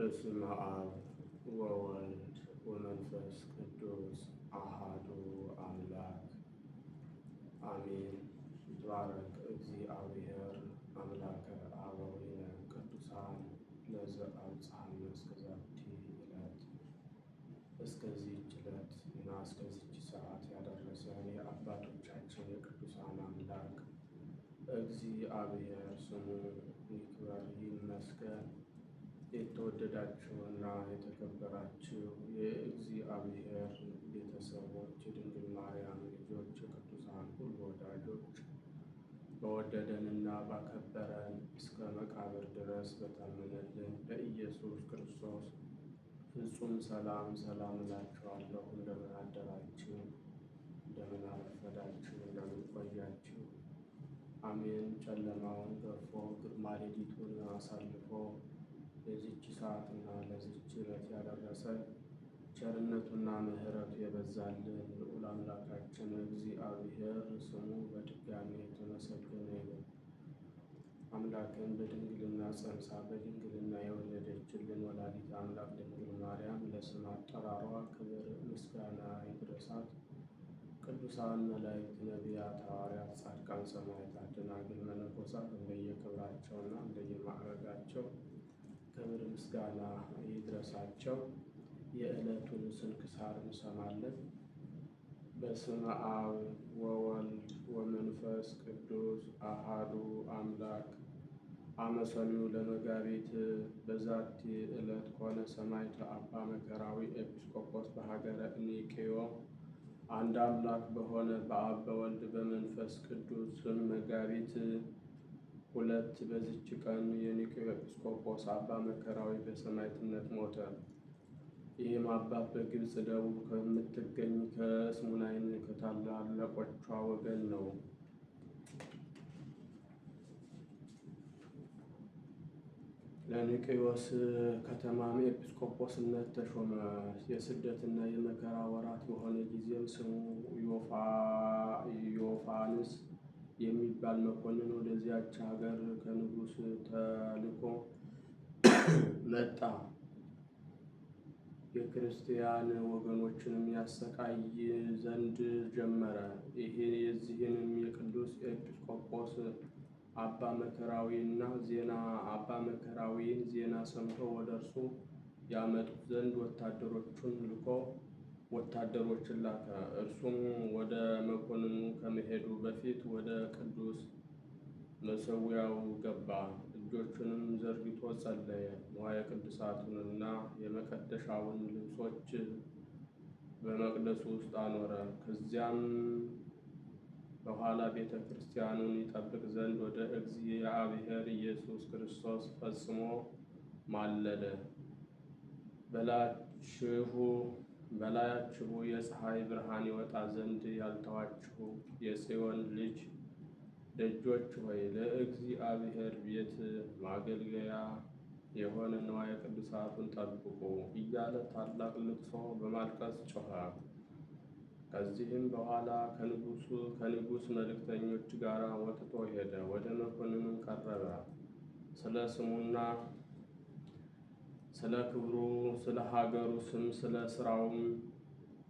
በስመ አብ ወወልድ ወመንፈስ ቅዱስ አሃዱ አምላክ አሜን። ይትባረክ እግዚአብሔር አምላከ አበዊነ ቅዱሳን ለዘአብጽሐነ እስከዛቲ ዕለት እስከዚህች ዕለት እና እስከዚህች ሰዓት ያደረሰን የአባቶቻችን የቅዱሳን አምላክ እግዚአብሔር ስሙ ይክበር ይመስገን። የተወደዳችሁና የተከበራችሁ የእግዚአብሔር ቤተሰቦች፣ የድንግል ማርያም ልጆች፣ የቅዱሳን ሁሉ ወዳጆች በወደደንና ባከበረን እስከ መቃብር ድረስ በታመነልን ለኢየሱስ ክርስቶስ ፍጹም ሰላም ሰላም እላችኋለሁ። እንደምን አደራችሁ? እንደምን አረፈዳችሁ? እንደምን ቆያችሁ? አሜን። ጨለማውን ገፎ ግርማ ሌሊቱን አሳልፎ ለዚች ሰዓትና ለዚች ዕለት ያደረሰን ቸርነቱና ምሕረቱ የበዛልን ልዑል አምላካችን እግዚአብሔር ስሙ በድጋሚ የተመሰገነ ይሁን። አምላክን በድንግልና ጸንሳ በድንግልና የወለደችልን ወላዲት አምላክ ድንግል ማርያም ለስም አጠራሯ ክብር ምስጋና ይድረሳት። ቅዱሳን መላእክት፣ ነቢያት፣ ሐዋርያት፣ ጻድቃን፣ ሰማዕታት፣ ደናግል፣ መነኮሳት እንደየክብራቸውና እንደየማዕረጋቸው ክብር ምስጋና ይድረሳቸው። የዕለቱን ስንክሳር እንሰማለን። በስመ አብ ወወልድ ወመንፈስ ቅዱስ አሃዱ አምላክ አመሰኑ ለመጋቢት በዛቲ ዕለት ከሆነ ሰማይ አባ መከራዊ ኤጲስቆጶስ በሀገረ ኒቄዮ። አንድ አምላክ በሆነ በአብ በወልድ በመንፈስ ቅዱስ ስም መጋቢት ሁለት በዚች ቀን የኒቄው ኤጲስቆጶስ አባ መከራዊ በሰማዕትነት ሞተ። ይህም አባት በግብፅ ደቡብ ከምትገኝ ከስሙናይን ከታላላቆቿ ወገን ነው። ለኒቅዮስ ከተማም ኤጲስቆጶስነት ተሾመ። የስደትና የመከራ ወራት በሆነ ጊዜም ስሙ ዮፋንስ የሚባል መኮንን ወደዚያች ሀገር ከንጉስ ተልኮ መጣ። የክርስቲያን ወገኖችንም ያሰቃይ ዘንድ ጀመረ። ይሄ የዚህንም የቅዱስ ኤጲስቆጶስ አባ መከራዊና ዜና አባ መከራዊን ዜና ሰምቶ ወደ እርሱ ያመጡት ዘንድ ወታደሮቹን ልኮ ወታደሮችን ላከ። እርሱም ወደ መኮንኑ ከመሄዱ በፊት ወደ ቅዱስ መሰዊያው ገባ። እጆቹንም ዘርግቶ ጸለየ። ንዋየ ቅድሳቱንና የመቀደሻውን ልብሶች በመቅደሱ ውስጥ አኖረ። ከዚያም በኋላ ቤተ ክርስቲያኑን ይጠብቅ ዘንድ ወደ እግዚአብሔር ኢየሱስ ክርስቶስ ፈጽሞ ማለደ። በላችሁ በላያችሁ የፀሐይ ብርሃን ይወጣ ዘንድ ያልተዋችሁ የጽዮን ልጅ ደጆች ሆይ ለእግዚአብሔር ቤት ማገልገያ የሆነ ንዋየ ቅዱሳቱን ጠብቁ እያለ ታላቅ ልቅሶ በማልቀስ ጮኸ። ከዚህም በኋላ ከንጉሱ ከንጉሥ መልእክተኞች ጋር ወጥቶ ሄደ። ወደ መኮንኑም ቀረበ ስለ ስሙና ስለ ክብሩ፣ ስለ ሀገሩ ስም፣ ስለ ስራውም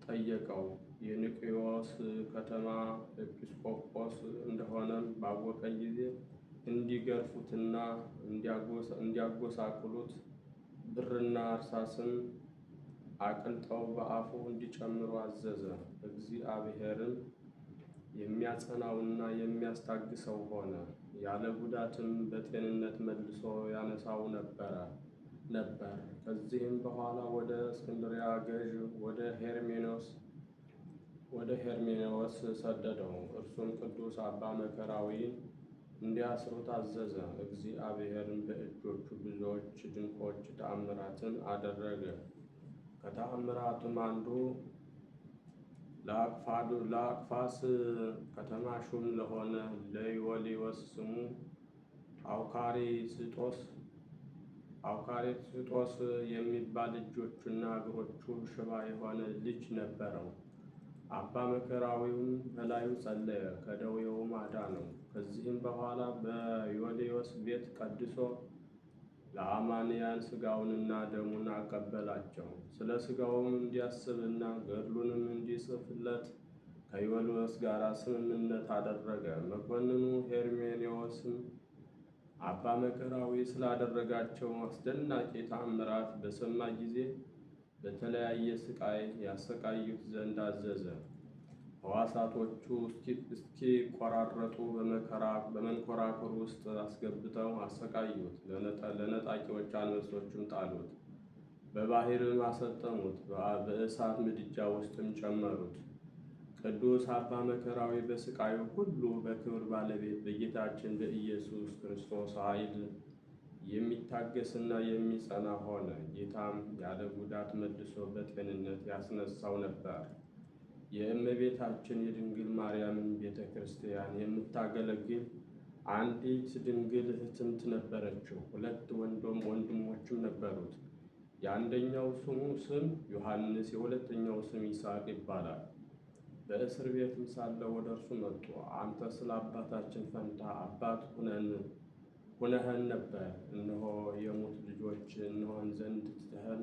ጠየቀው። የንቅዮስ ከተማ ኤጲስቆጶስ እንደሆነም ባወቀ ጊዜ እንዲገርፉትና እንዲያጎሳቅሉት ብርና እርሳስም አቅልጠው በአፉ እንዲጨምሩ አዘዘ። እግዚአብሔርም የሚያጸናውና የሚያስታግሰው ሆነ፣ ያለ ጉዳትም በጤንነት መልሶ ያነሳው ነበረ። ነበር። ከዚህም በኋላ ወደ እስክንድሪያ ገዥ ወደ ሄርሜኖስ ወደ ሄርሜዎስ ሰደደው። እርሱም ቅዱስ አባ መከራዊን እንዲያስሩት አዘዘ። እግዚአብሔርን በእጆቹ ብዙዎች ድንቆች ተአምራትን አደረገ። ከተአምራቱም አንዱ ለአቅፋስ ከተማ ሹም ለሆነ ለዮሊዮስ ስሙ ስጦስ አውካሪጦስ የሚባል እጆቹና እግሮቹ ሽባ የሆነ ልጅ ነበረው። አባ መከራዊውም በላዩ ጸለየ፣ ከደዌውም አዳነው። ከዚህም በኋላ በዮልዮስ ቤት ቀድሶ ለአማንያን ስጋውንና ደሙን አቀበላቸው። ስለ ስጋውም እንዲያስብና ገድሉንም እንዲጽፍለት ከዮልዮስ ጋር ስምምነት አደረገ። መኮንኑ ሄርሜኔዎስም አባ መከራዊ ስላደረጋቸው አስደናቂ ተአምራት በሰማ ጊዜ በተለያየ ስቃይ ያሰቃዩት ዘንድ አዘዘ። ሕዋሳቶቹ እስኪቆራረጡ በመንኮራኩር ውስጥ አስገብተው አሰቃዩት። ለነጣቂዎች አንበሶችም ጣሉት፣ በባህርም አሰጠሙት፣ በእሳት ምድጃ ውስጥም ጨመሩት። ቅዱስ አባ መከራዊ በስቃዩ ሁሉ በክብር ባለቤት በጌታችን በኢየሱስ ክርስቶስ ኃይል የሚታገስና የሚጸና ሆነ። ጌታም ያለ ጉዳት መልሶ በጤንነት ያስነሳው ነበር። የእመቤታችን የድንግል ማርያምን ቤተ ክርስቲያን የምታገለግል አንዲት ድንግል እህትምት ነበረችው። ሁለት ወንዶም ወንድሞችም ነበሩት። የአንደኛው ስሙ ስም ዮሐንስ፣ የሁለተኛው ስም ይስሐቅ ይባላል። በእስር ቤትም ሳለ ወደ እርሱ መጡ። አንተ ስለ አባታችን ፈንታ አባት ሁነህን ነበር። እነሆ የሙት ልጆች እንሆን ዘንድ ትተኸን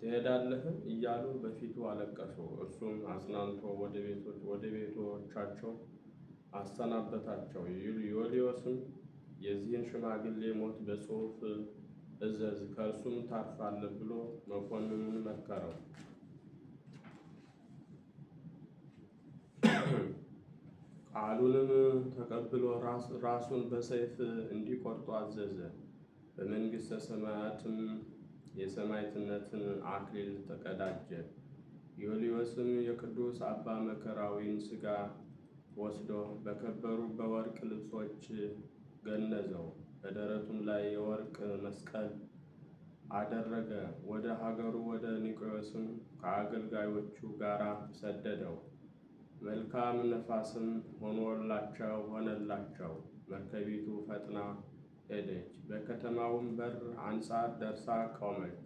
ትሄዳለህን? እያሉ በፊቱ አለቀሱ። እርሱም አጽናንቶ ወደ ቤቶቻቸው አሰናበታቸው። ዮልዮስም የዚህን ሽማግሌ ሞት በጽሑፍ እዘዝ፣ ከእርሱም ታርፋለህ ብሎ መኮንኑን መከረው። ቃሉንም ተቀብሎ ራሱን በሰይፍ እንዲቆርጡ አዘዘ። በመንግሥተ ሰማያትም የሰማዕትነትን አክሊል ተቀዳጀ። ዮልዮስም የቅዱስ አባ መከራዊን ሥጋ ወስዶ በከበሩ በወርቅ ልብሶች ገነዘው፣ በደረቱም ላይ የወርቅ መስቀል አደረገ። ወደ ሀገሩ ወደ ኒቆዮስም ከአገልጋዮቹ ጋር ሰደደው። መልካም ነፋስም ሆኖላቸው ሆነላቸው። መርከቢቱ ፈጥና ሄደች፣ በከተማውም በር አንጻር ደርሳ ቆመች።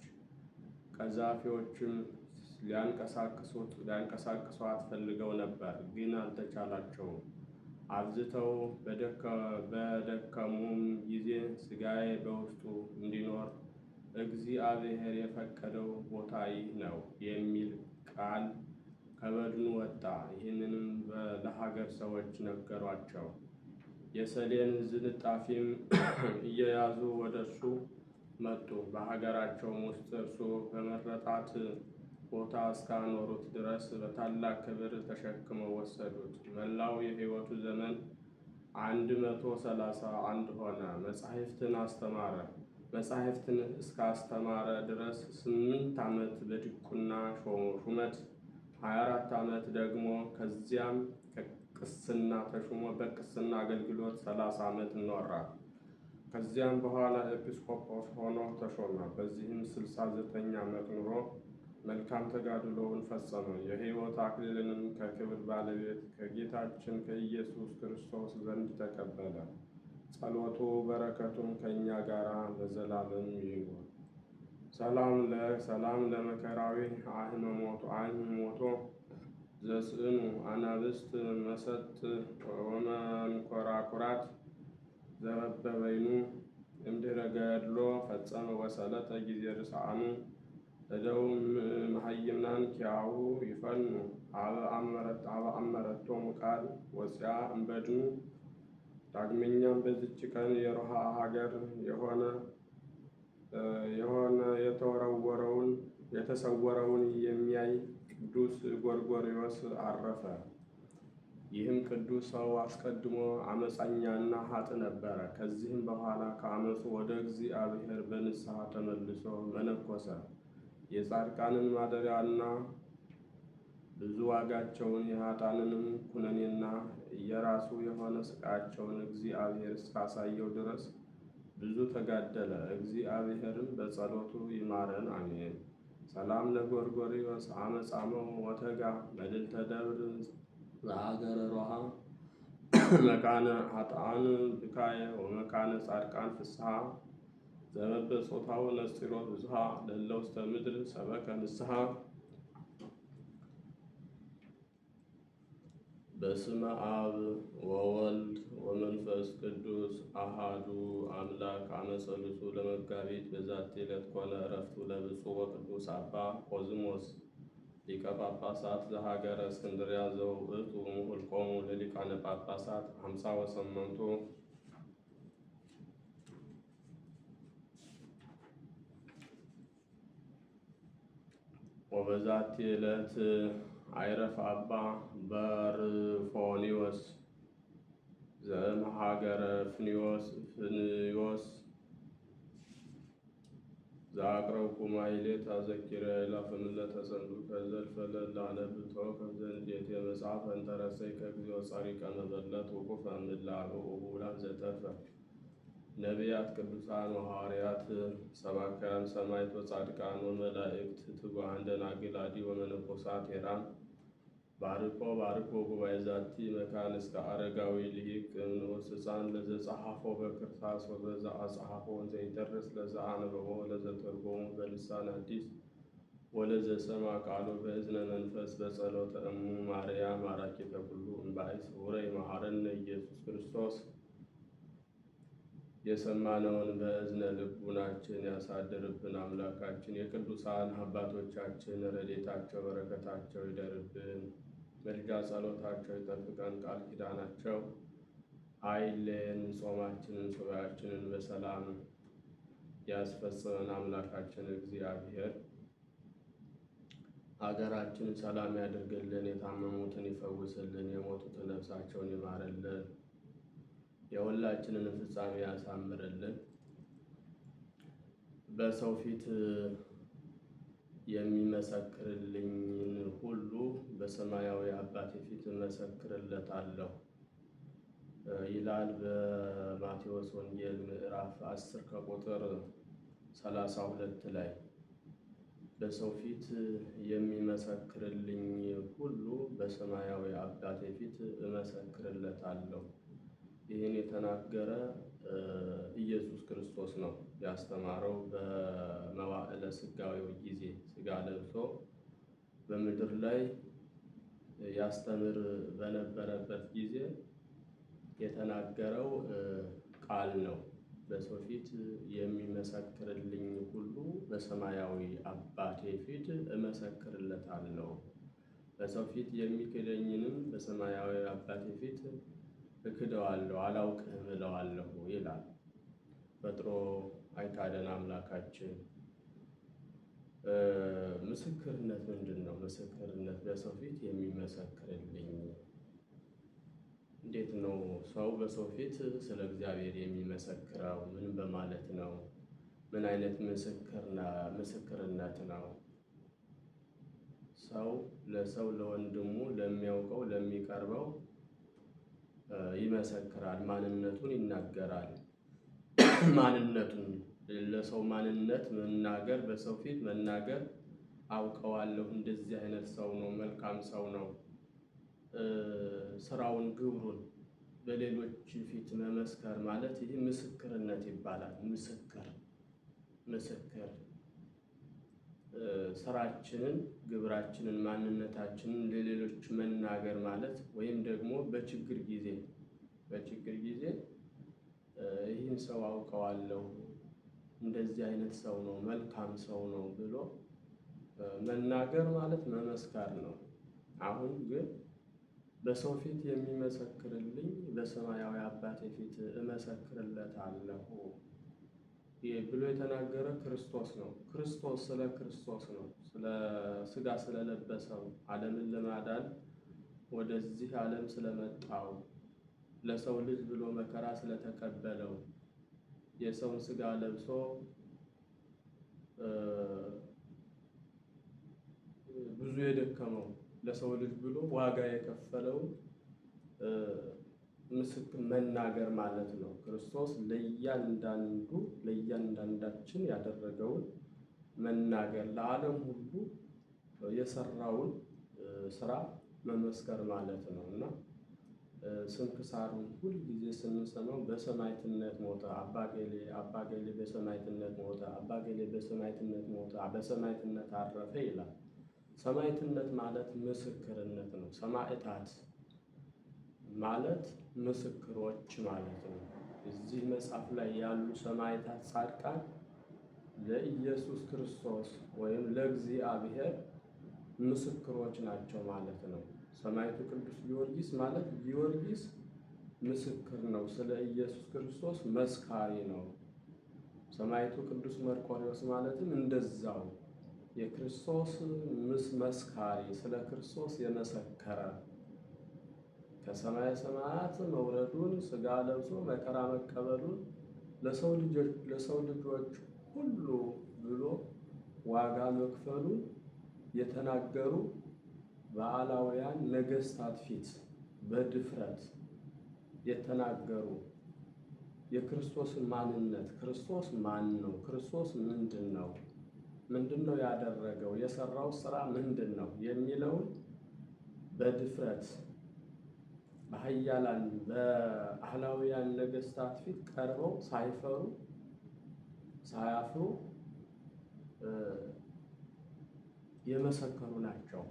ቀዛፊዎችም ሊያንቀሳቅሷት ፈልገው ነበር፣ ግን አልተቻላቸውም። አብዝተው በደከሙም ጊዜ ስጋዬ በውስጡ እንዲኖር እግዚአብሔር የፈቀደው ቦታ ይህ ነው የሚል ቃል ከበድን ወጣ። ይህንንም ለሀገር ሰዎች ነገሯቸው። የሰሌን ዝንጣፊም እየያዙ ወደ እርሱ መጡ። በሀገራቸውም ውስጥ እርሱ በመረጣት ቦታ እስካኖሩት ድረስ በታላቅ ክብር ተሸክመው ወሰዱት። መላው የሕይወቱ ዘመን አንድ መቶ ሰላሳ አንድ ሆነ። መጻሕፍትን አስተማረ። መጻሕፍትን እስካስተማረ ድረስ ስምንት ዓመት በድቁና ሹመት 24 ዓመት ደግሞ ከዚያም ከቅስና ተሹሞ በቅስና አገልግሎት 30 ዓመት ኖራ። ከዚያም በኋላ ኤጲስቆጶስ ሆኖ ተሾመ። በዚህም 69 ዓመት ኑሮ መልካም ተጋድሎውን ፈጸመ። የህይወት አክሊልንም ከክብር ባለቤት ከጌታችን ከኢየሱስ ክርስቶስ ዘንድ ተቀበለ። ጸሎቱ በረከቱም ከእኛ ጋር ለዘላለም ይኖር። ሰላም ለ ሰላም ለመከራዊ አህመ ሞቶ አህመ ሞቶ ዘስእኑ አናብስት መሰት ወመንኮራኩራት ዘበበይኑ እምድኅረ ገድሎ ፈጸመ ወሰለተ ጊዜ ርስዓኑ እደው መሐይምናን ኪያሁ ይፈኑ አበ አመረቶም ቃል ወፅያ እምበድኑ ዳግመኛም በዚች ቀን የሮሃ ሀገር የሆነ የሆነ የተወረወረውን የተሰወረውን የሚያይ ቅዱስ ጎርጎሪዎስ አረፈ። ይህም ቅዱስ ሰው አስቀድሞ አመፃኛና ሀጥ ነበረ። ከዚህም በኋላ ከአመፁ ወደ እግዚአብሔር በንስሐ ተመልሶ መነኮሰ። የጻድቃንን ማደሪያና ብዙ ዋጋቸውን የሀጣንንም ኩነኔና የራሱ የሆነ ስቃያቸውን እግዚአብሔር እስካሳየው ድረስ ብዙ ተጋደለ። እግዚአብሔርም በጸሎቱ ይማረን አሜን። ሰላም ለጎርጎሪ አመጻመው ወተጋ በድልተ ደብር ለሀገረ ሮሃ መካነ አጣን ብካየ ወመካነ ጻድቃን ፍስሐ ዘበበ ጾታው ነስጢሮ ብዙሃ ለለውስተ ምድር ሰበከ ንስሐ በስመ አብ ወወልድ ወመንፈስ ቅዱስ አሃዱ አምላክ አመሰልሱ ለመጋቢት በዛቲ ዕለት ኮነ እረፍቱ ለብፁዕ ወቅዱስ አባ ቆዝሞስ ሊቀ ጳጳሳት ዘሀገረ እስክንድርያ ዘውእቱ እምኆልቆሙ ለሊቃነ ጳጳሳት ሀምሳ ወሰመንቱ ወበዛቲ ዕለት አይረፍ አባ በርፎሊዎስ ዘእምሀገረ ፍኒዎስ ፍንዮስ ዘአቅረብ ኩማ ሂሌታ ዘኪረ ይላፈ ምለተ ሰንዱቀ ዘልፈ ለላነብ ተወከ ዘንድ የቴ መጽሐፈ እንተረሰይ ከጊዜው ጻሪቀ መበለት ውቁፈ ምላሉ ውላን ዘተርፈ ነቢያት፣ ቅዱሳን ሐዋርያት፣ ሰባክያን፣ ሰማዕታት፣ ጻድቃን ወመላእክት፣ ትጉሃን፣ ደናግል፣ አዲ ወመነኮሳት ቴራን ባርኮ ባርኮ ጉባኤ ዛቲ መካን እስከ አረጋዊ ልሂቅ ንዑስ ሕፃን ለዘ በክርታስ ወበዛ አጸሐፎ ዘይደርስ ለዘ አንበቦ በልሳን አዲስ ወለዘ ሰማ ቃሉ በእዝነ መንፈስ በጸሎተ እሙ ማርያም ማራኪ ተኩሉ እምባይ ስውረይ መሐረነ ኢየሱስ ክርስቶስ የሰማነውን በእዝነ ልቡናችን ያሳድርብን። አምላካችን የቅዱሳን አባቶቻችን ረዴታቸው በረከታቸው ይደርብን። በልጃ ጸሎታቸው ይጠብቀን፣ ቃል ኪዳናቸው አይለየን፣ ጾማችንን ሱባኤያችንን በሰላም ያስፈጽመን። አምላካችን እግዚአብሔር ሀገራችን ሰላም ያድርግልን፣ የታመሙትን ይፈውስልን፣ የሞቱትን ነፍሳቸውን ይማርልን፣ የሁላችንን ፍጻሜ ያሳምርልን። በሰው ፊት የሚመሰክርልኝን ሁሉ በሰማያዊ አባቴ ፊት እመሰክርለታለሁ ይላል በማቴዎስ ወንጌል ምዕራፍ 10 ከቁጥር 32 ላይ። በሰው ፊት የሚመሰክርልኝ ሁሉ በሰማያዊ አባቴ ፊት እመሰክርለታለሁ። ይህን የተናገረ ኢየሱስ ክርስቶስ ነው ያስተማረው። በመዋዕለ ስጋዊው ጊዜ ስጋ ለብሶ በምድር ላይ ያስተምር በነበረበት ጊዜ የተናገረው ቃል ነው። በሰው ፊት የሚመሰክርልኝ ሁሉ በሰማያዊ አባቴ ፊት እመሰክርለታለሁ፣ በሰው ፊት የሚክደኝንም በሰማያዊ አባቴ ፊት እክደዋለሁ፣ አላውቅህም እለዋለሁ ይላል። ፈጥሮ አይካደን አምላካችን። ምስክርነት ምንድን ነው? ምስክርነት በሰው ፊት የሚመሰክርልኝ እንዴት ነው? ሰው በሰው ፊት ስለ እግዚአብሔር የሚመሰክረው ምን በማለት ነው? ምን አይነት ምስክርነት ነው? ሰው ለሰው ለወንድሙ ለሚያውቀው ለሚቀርበው ይመሰክራል፣ ማንነቱን ይናገራል። ማንነቱን ለሰው ማንነት መናገር በሰው ፊት መናገር አውቀዋለሁ፣ እንደዚህ አይነት ሰው ነው፣ መልካም ሰው ነው። ስራውን፣ ግብሩን በሌሎች ፊት መመስከር ማለት ይህ ምስክርነት ይባላል። ምስክር ምስክር ስራችንን፣ ግብራችንን፣ ማንነታችንን ለሌሎች መናገር ማለት ወይም ደግሞ በችግር ጊዜ በችግር ጊዜ ይህን ሰው አውቀዋለሁ፣ እንደዚህ አይነት ሰው ነው፣ መልካም ሰው ነው ብሎ መናገር ማለት መመስከር ነው። አሁን ግን በሰው ፊት የሚመሰክርልኝ በሰማያዊ አባቴ ፊት እመሰክርለታለሁ ብሎ የተናገረ ክርስቶስ ነው። ክርስቶስ ስለ ክርስቶስ ነው፣ ስለ ስጋ ስለለበሰው ዓለምን ለማዳን ወደዚህ ዓለም ስለመጣው ለሰው ልጅ ብሎ መከራ ስለተቀበለው የሰውን ስጋ ለብሶ ብዙ የደከመው ለሰው ልጅ ብሎ ዋጋ የከፈለው ምስክር መናገር ማለት ነው። ክርስቶስ ለእያንዳንዱ ለእያንዳንዳችን ያደረገውን መናገር ለዓለም ሁሉ የሰራውን ስራ መመስከር ማለት ነው እና ስንክሳሩን ጊዜ ስንሰማው በሰማይትነት ሞተ፣ አባገሌ አባገሌ በሰማይትነት ሞተ፣ አባገሌ በሰማይትነት ሞተ፣ በሰማይትነት አረፈ ይላል። ሰማይትነት ማለት ምስክርነት ነው። ሰማዕታት ማለት ምስክሮች ማለት ነው። እዚህ መጽሐፍ ላይ ያሉ ሰማዕታት፣ ጻድቃን ለኢየሱስ ክርስቶስ ወይም ለእግዚአብሔር ምስክሮች ናቸው ማለት ነው። ሰማዕቱ ቅዱስ ጊዮርጊስ ማለት ጊዮርጊስ ምስክር ነው፣ ስለ ኢየሱስ ክርስቶስ መስካሪ ነው። ሰማዕቱ ቅዱስ መርኮሪዎስ ማለትም እንደዛው የክርስቶስ ምስ መስካሪ ስለ ክርስቶስ የመሰከረ ከሰማይ ሰማያት መውረዱን ስጋ ለብሶ መከራ መቀበሉን ለሰው ልጆች ሁሉ ብሎ ዋጋ መክፈሉን የተናገሩ በአላውያን ነገስታት ፊት በድፍረት የተናገሩ የክርስቶስን ማንነት ክርስቶስ ማን ነው? ክርስቶስ ምንድን ነው? ምንድን ነው ያደረገው? የሰራው ስራ ምንድን ነው የሚለውን በድፍረት በሀያላን በአህላውያን ነገስታት ፊት ቀርበው ሳይፈሩ ሳያፍሩ የመሰከሩ ናቸው።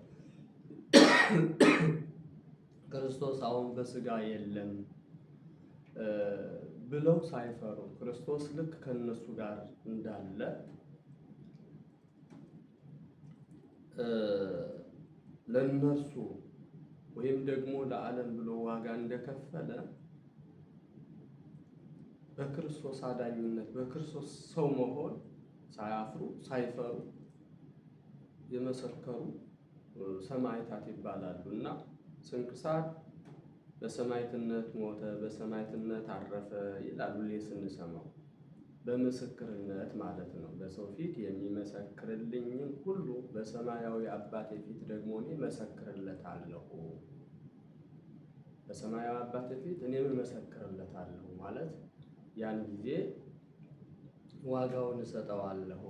ክርስቶስ አሁን በስጋ የለም ብለው ሳይፈሩ ክርስቶስ ልክ ከነሱ ጋር እንዳለ ለነሱ ። ወይም ደግሞ ለዓለም ብሎ ዋጋ እንደከፈለ በክርስቶስ አዳኝነት በክርስቶስ ሰው መሆን ሳያፍሩ ሳይፈሩ የመሰከሩ ሰማዕታት ይባላሉ እና ስንክሳር በሰማዕትነት ሞተ፣ በሰማዕትነት አረፈ ይላሉ ስንሰማው በምስክርነት ማለት ነው። በሰው ፊት የሚመሰክርልኝን ሁሉ በሰማያዊ አባቴ ፊት ደግሞ እኔ መሰክርለታለሁ በሰማያዊ አባቴ ፊት እኔም እመሰክርለታለሁ ማለት ያን ጊዜ ዋጋውን እሰጠዋለሁ።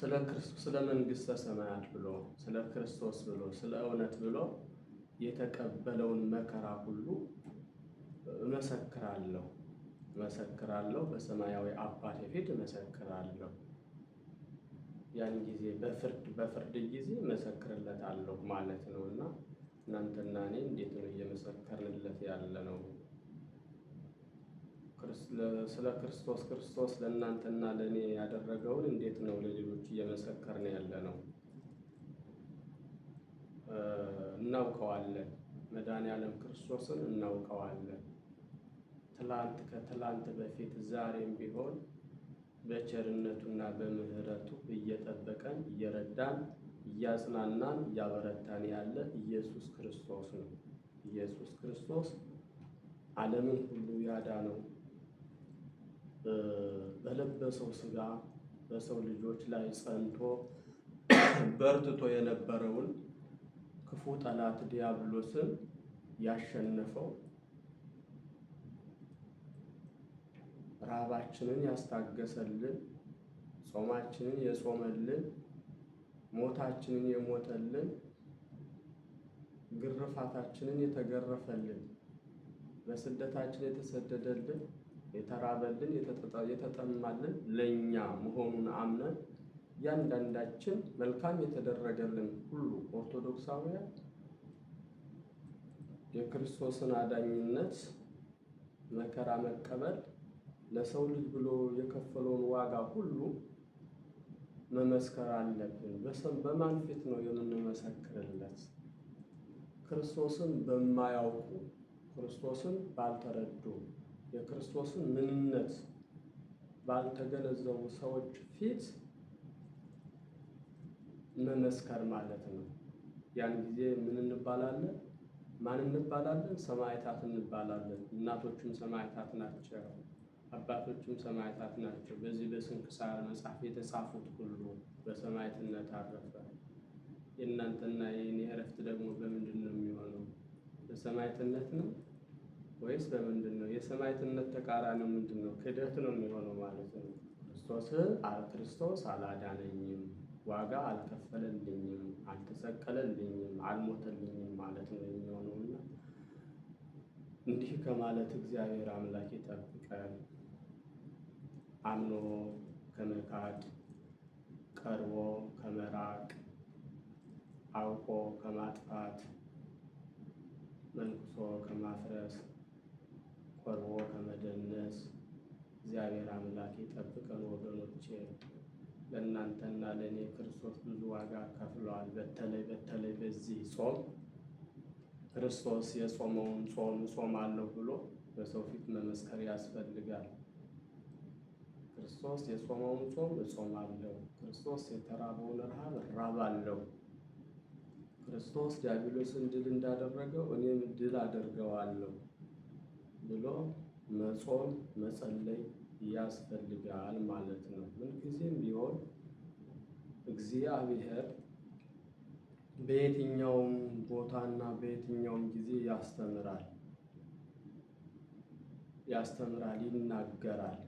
ስለ ክርስቶስ ስለ መንግሥተ ሰማያት ብሎ ስለ ክርስቶስ ብሎ ስለ እውነት ብሎ የተቀበለውን መከራ ሁሉ እመሰክራለሁ። መሰክራለሁ፣ በሰማያዊ አባቴ ፊት መሰክራለሁ። ያን ጊዜ በፍርድ በፍርድ ጊዜ መሰክርለታለሁ ማለት ነው እና እናንተና እኔ እንዴት ነው እየመሰከርንለት ያለ ነው? ስለ ክርስቶስ ክርስቶስ ለእናንተና ለእኔ ያደረገውን እንዴት ነው ለሌሎች እየመሰከርን ያለ ነው? እናውቀዋለን። መድኃኔ ክርስቶስን እናውቀዋለን። ትላንት ከትላንት በፊት ዛሬም ቢሆን በቸርነቱና በምሕረቱ እየጠበቀን እየረዳን እያጽናናን እያበረታን ያለ ኢየሱስ ክርስቶስ ነው። ኢየሱስ ክርስቶስ ዓለምን ሁሉ ያዳነው በለበሰው ሥጋ በሰው ልጆች ላይ ጸንቶ በርትቶ የነበረውን ክፉ ጠላት ዲያብሎስን ያሸነፈው ራባችንን ያስታገሰልን፣ ጾማችንን የጾመልን፣ ሞታችንን የሞተልን፣ ግርፋታችንን የተገረፈልን፣ በስደታችን የተሰደደልን፣ የተራበልን፣ የተጠማልን ለእኛ መሆኑን አምነን እያንዳንዳችን መልካም የተደረገልን ሁሉ ኦርቶዶክሳውያን የክርስቶስን አዳኝነት መከራ መቀበል ለሰው ልጅ ብሎ የከፈለውን ዋጋ ሁሉ መመስከር አለብን። በማን ፊት ነው የምንመሰክርለት? ክርስቶስን በማያውቁ ክርስቶስን ባልተረዱ የክርስቶስን ምንነት ባልተገነዘቡ ሰዎች ፊት መመስከር ማለት ነው። ያን ጊዜ ምን እንባላለን? ማን እንባላለን? ሰማዕታት እንባላለን። እናቶችም ሰማዕታት ናቸው አባቶችም ሰማዕታት ናቸው። በዚህ በስንክሳር መጽሐፍ የተጻፉት ሁሉ በሰማዕትነት አረፈ። የእናንተና የኔ እረፍት ደግሞ በምንድን ነው የሚሆነው? በሰማዕትነት ነው ወይስ በምንድን ነው? የሰማዕትነት ተቃራኒው ምንድን ነው? ክደት ነው የሚሆነው ማለት ነው። ክርስቶስ ክርስቶስ አላዳነኝም፣ ዋጋ አልከፈለልኝም፣ አልተሰቀለልኝም፣ አልሞተልኝም ማለት ነው የሚሆነውና እንዲህ ከማለት እግዚአብሔር አምላክ ይጠብቃል። አምኖ ከመካድ ቀርቦ ከመራቅ አውቆ ከማጥፋት መንኩሶ ከማፍረስ ቆርቦ ከመደነስ እግዚአብሔር አምላክ ይጠብቀን ወገኖቼ። ለእናንተና ለእኔ ክርስቶስ ብዙ ዋጋ ከፍለዋል። በተለይ በተለይ በዚህ ጾም ክርስቶስ የጾመውን ጾም አለው ብሎ በሰው ፊት መመስከር ያስፈልጋል። ክርስቶስ የጾመውን ጾም እጾማለሁ፣ ክርስቶስ የተራበውን ረሃብ እራባለሁ፣ ክርስቶስ ዲያብሎስን ድል እንዳደረገው እኔም ድል አደርገዋለሁ ብሎ መጾም መጸለይ ያስፈልጋል ማለት ነው። ምንጊዜም ቢሆን እግዚአብሔር በየትኛውም ቦታና በየትኛውም ጊዜ ያስተምራል ያስተምራል፣ ይናገራል።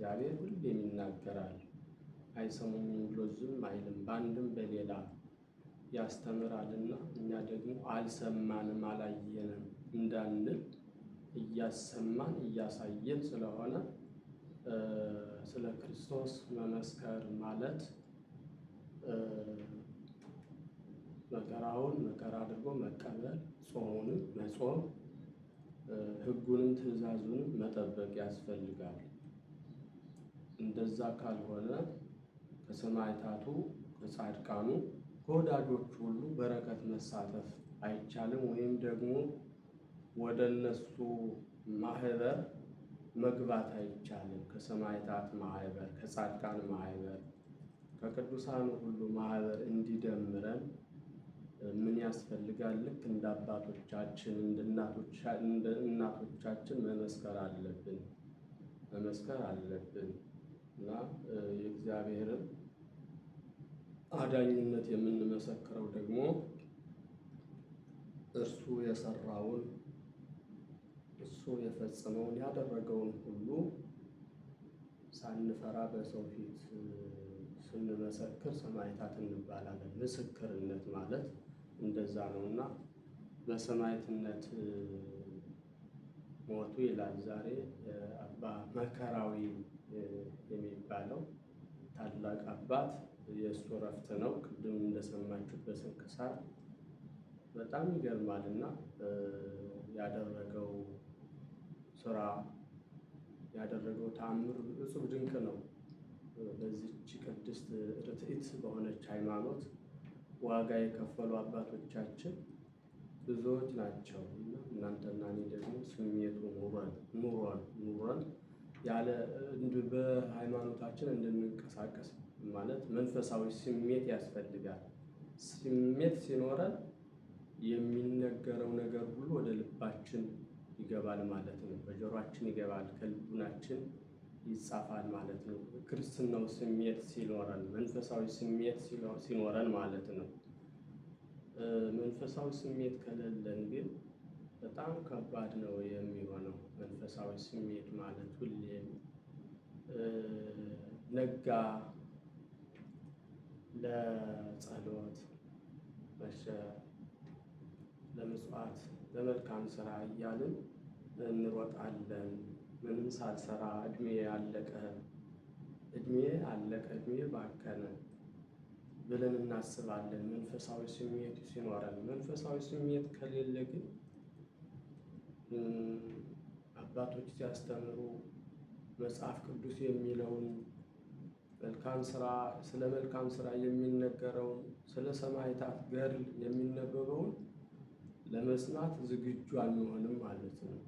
እግዚአብሔር ሁሌም ይናገራል፣ አይሰሙኝም ብሎ ዝም አይልም፣ በአንድም በሌላ ያስተምራልና እኛ ደግሞ አልሰማንም፣ አላየንም እንዳንል እያሰማን እያሳየን ስለሆነ ስለ ክርስቶስ መመስከር ማለት መከራውን መከራ አድርጎ መቀበል፣ ጾሙንም መጾም፣ ሕጉንም ትእዛዙንም መጠበቅ ያስፈልጋል። እንደዛ ካልሆነ ከሰማዕታቱ ከጻድቃኑ ከወዳጆች ሁሉ በረከት መሳተፍ አይቻልም፣ ወይም ደግሞ ወደ እነሱ ማህበር መግባት አይቻልም። ከሰማዕታት ማህበር፣ ከጻድቃን ማህበር፣ ከቅዱሳኑ ሁሉ ማህበር እንዲደምረን ምን ያስፈልጋል? ልክ እንደ አባቶቻችን እንደ እናቶቻችን መመስከር አለብን መመስከር አለብን። እና የእግዚአብሔርን አዳኝነት የምንመሰክረው ደግሞ እርሱ የሰራውን እሱ የፈጸመውን ያደረገውን ሁሉ ሳንፈራ በሰው ፊት ስንመሰክር ሰማዕታት እንባላለን። ምስክርነት ማለት እንደዛ ነው እና በሰማዕትነት ሞቱ ይላል ዛሬ አባ የሚባለው ታላቅ አባት የእሱ እረፍት ነው። ቅድም እንደሰማችሁት በስንክሳር በጣም ይገርማል እና ያደረገው ስራ ያደረገው ተአምር እጹብ ድንቅ ነው። በዚች ቅድስት ርትዕት በሆነች ሃይማኖት ዋጋ የከፈሉ አባቶቻችን ብዙዎች ናቸው እና እናንተና እኔ ደግሞ ስሜቱ ኑሯል ኑሯል ኑሯል ያለ በሃይማኖታችን እንድንንቀሳቀስ ማለት መንፈሳዊ ስሜት ያስፈልጋል። ስሜት ሲኖረን የሚነገረው ነገር ሁሉ ወደ ልባችን ይገባል ማለት ነው። በጆሯችን ይገባል፣ ከልቡናችን ይጻፋል ማለት ነው። ክርስትናው ስሜት ሲኖረን፣ መንፈሳዊ ስሜት ሲኖረን ማለት ነው። መንፈሳዊ ስሜት ከሌለን ግን በጣም ከባድ ነው የሚሆነው። መንፈሳዊ ስሜት ማለት ሁሌም ነጋ ለጸሎት፣ መሸ ለምጽዋት፣ ለመልካም ስራ እያልን እንሮጣለን። ምንም ሳልሰራ እድሜ ያለቀ እድሜ አለቀ እድሜ ባከነ ብለን እናስባለን። መንፈሳዊ ስሜቱ ሲኖረን መንፈሳዊ ስሜት ከሌለ ግን አባቶች ሲያስተምሩ መጽሐፍ ቅዱስ የሚለውን መልካም ስራ ስለ መልካም ስራ የሚነገረውን ስለ ሰማዕታት ገድል የሚነበበውን ለመስማት ዝግጁ አንሆንም ማለት ነው።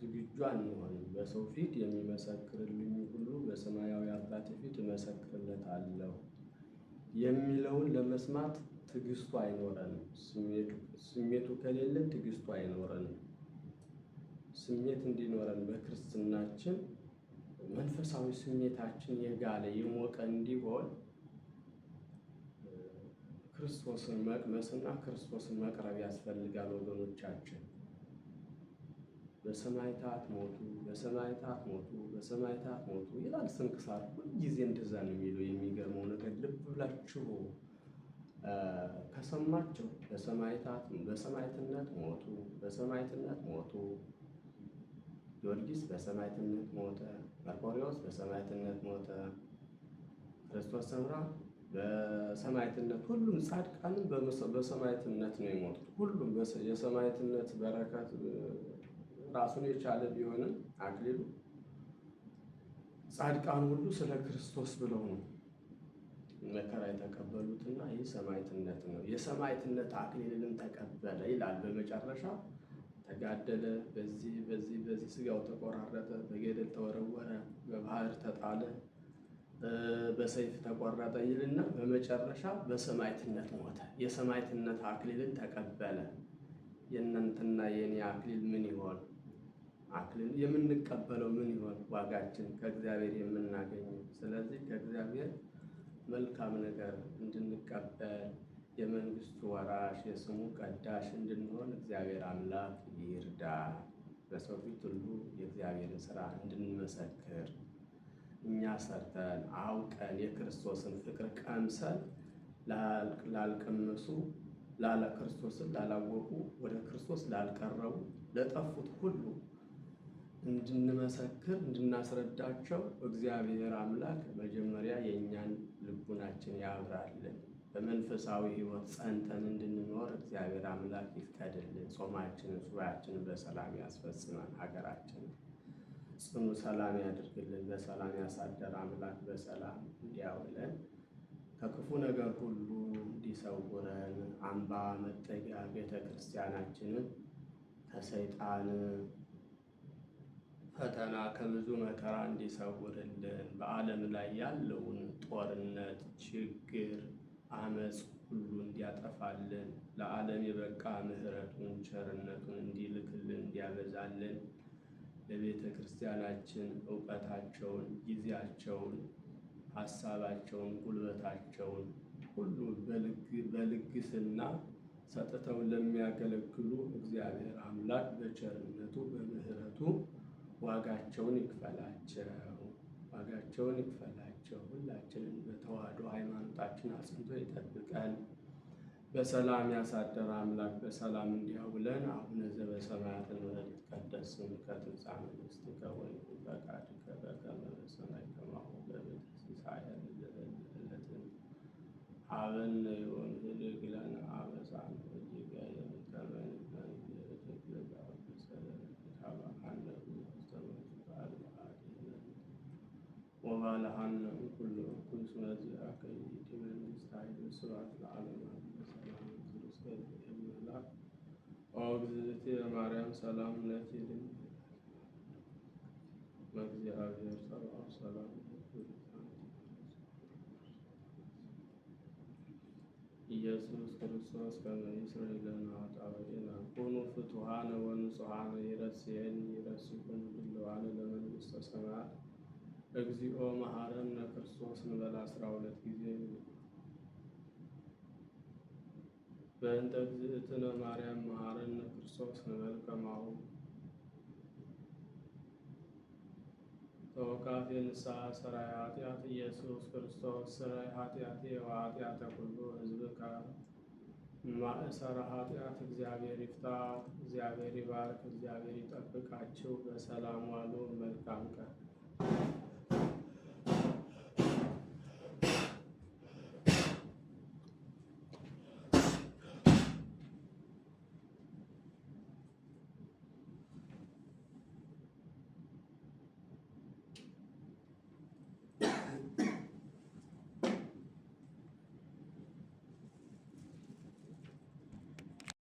ዝግጁ አንሆንም። በሰው ፊት የሚመሰክርልኝ ሁሉ በሰማያዊ አባቴ ፊት እመሰክርለታለሁ የሚለውን ለመስማት ትዕግስቱ አይኖረንም። ስሜቱ ከሌለ ትዕግስቱ አይኖረንም። ስሜት እንዲኖረን በክርስትናችን መንፈሳዊ ስሜታችን የጋለ የሞቀ እንዲሆን ክርስቶስን መቅመስና ክርስቶስን መቅረብ ያስፈልጋል። ወገኖቻችን በሰማዕታት ሞቱ፣ በሰማዕታት ሞቱ፣ በሰማዕታት ሞቱ ይላል ስንክሳር። ሁልጊዜ እንደዛ ነው የሚለው። የሚገርመው ነገር ልብ ብላችሁ ከሰማችሁ በሰማዕታት በሰማዕትነት ሞቱ፣ በሰማዕትነት ሞቱ ጊዮርጊስ በሰማዕትነት ሞተ። መርቆሬዎስ በሰማዕትነት ሞተ። ክርስቶስ ሰምራ በሰማዕትነት ሁሉም ጻድቃንም በሰማዕትነት ነው የሞቱት። ሁሉም የሰማዕትነት በረከት ራሱን የቻለ ቢሆንም አክሊሉ ጻድቃን ሁሉ ስለ ክርስቶስ ብለው ነው መከራ የተቀበሉትና ይህ ሰማዕትነት ነው። የሰማዕትነት አክሊልንም ተቀበለ ይላል በመጨረሻ ተጋደለ፣ በዚህ በዚህ በዚህ ስጋው ተቆራረጠ፣ በገደል ተወረወረ፣ በባህር ተጣለ፣ በሰይፍ ተቆረጠ ይልና በመጨረሻ በሰማዕትነት ሞተ። የሰማዕትነት አክሊልን ተቀበለ። የእናንተና የእኔ አክሊል ምን ይሆን? አክሊል የምንቀበለው ምን ይሆን? ዋጋችን ከእግዚአብሔር የምናገኘው። ስለዚህ ከእግዚአብሔር መልካም ነገር እንድንቀበል የመንግስቱ ወራሽ የስሙ ቀዳሽ እንድንሆን እግዚአብሔር አምላክ ይርዳ። በሰው ፊት ሁሉ የእግዚአብሔርን ስራ እንድንመሰክር እኛ ሰርተን አውቀን የክርስቶስን ፍቅር ቀምሰን ላልቀመሱ ላለ ክርስቶስን ላላወቁ ወደ ክርስቶስ ላልቀረቡ ለጠፉት ሁሉ እንድንመሰክር እንድናስረዳቸው እግዚአብሔር አምላክ መጀመሪያ የእኛን ልቡናችን ያብራልን። በመንፈሳዊ ሕይወት ጸንተን እንድንኖር እግዚአብሔር አምላክ ይፍቀድልን። ጾማችንን፣ ሱባያችንን በሰላም ያስፈጽመን። ሀገራችን ጽኑ ሰላም ያድርግልን። በሰላም ያሳደር አምላክ በሰላም እንዲያውለን ከክፉ ነገር ሁሉ እንዲሰውረን አምባ መጠጊያ ቤተ ክርስቲያናችንን ከሰይጣን ፈተና ከብዙ መከራ እንዲሰውርልን በዓለም ላይ ያለውን ጦርነት ችግር አመስ ሁሉ እንዲያጠፋልን ለዓለም የበቃ ምሕረቱን ቸርነቱን እንዲልክልን እንዲያበዛልን ለቤተ ክርስቲያናችን እውቀታቸውን፣ ጊዜያቸውን፣ ሀሳባቸውን፣ ጉልበታቸውን ሁሉ በልግስና ሰጥተው ለሚያገለግሉ እግዚአብሔር አምላክ በቸርነቱ በምሕረቱ ዋጋቸውን ይክፈላቸው። ዋጋቸውን ይክፈላቸው። ናቸው። ሁላችንን በተዋህዶ ሃይማኖታችን አጽንቶ ይጠብቀን። በሰላም ያሳደረ አምላክ በሰላም እንዲያውለን። አቡነ ዘበሰማያት ይትቀደስ ስምከ ትምጻእ መንግሥትከ ወይኩን ፈቃድከ በከመ በሰማይ ከማሁ በምድር ሲሳየነ ዘለለዕለትነ ሀበነ ዮም ወኅድግ ለነ አበሳነ وما لعن كل كل سنة جاءك من مستعد سرعة العالم እግዚእቲ ማርያም ሰላም ለኪ ድን ለእግዚአብሔር ጸባዖ ሰላም ኢየሱስ ክርስቶስ ከመ ይስረይ ለነ ኃጣውኢነ ኩኑ ፍቱሐነ ወንጹሐነ ይረስየኒ ይረስይኩን ብለዋለ ለመንግሥተ ሰማያት እግዚኦ መሐረነ ክርስቶስ ንበል አስራ ሁለት ጊዜ በእንተ እግዝእትነ ማርያም መሐረነ ክርስቶስ ንበል ከማሁ ተወቃፊ ንስሐ ሰራይ ኃጢአት ኢየሱስ ክርስቶስ ሰራይ ኃጢአት ወኃጢአተ ኩሉ ህዝብ ማእሰረ ኃጢአት እግዚአብሔር ይፍታ። እግዚአብሔር ይባርክ። እግዚአብሔር ይጠብቃችሁ። በሰላም ዋሉ። መልካም ቀን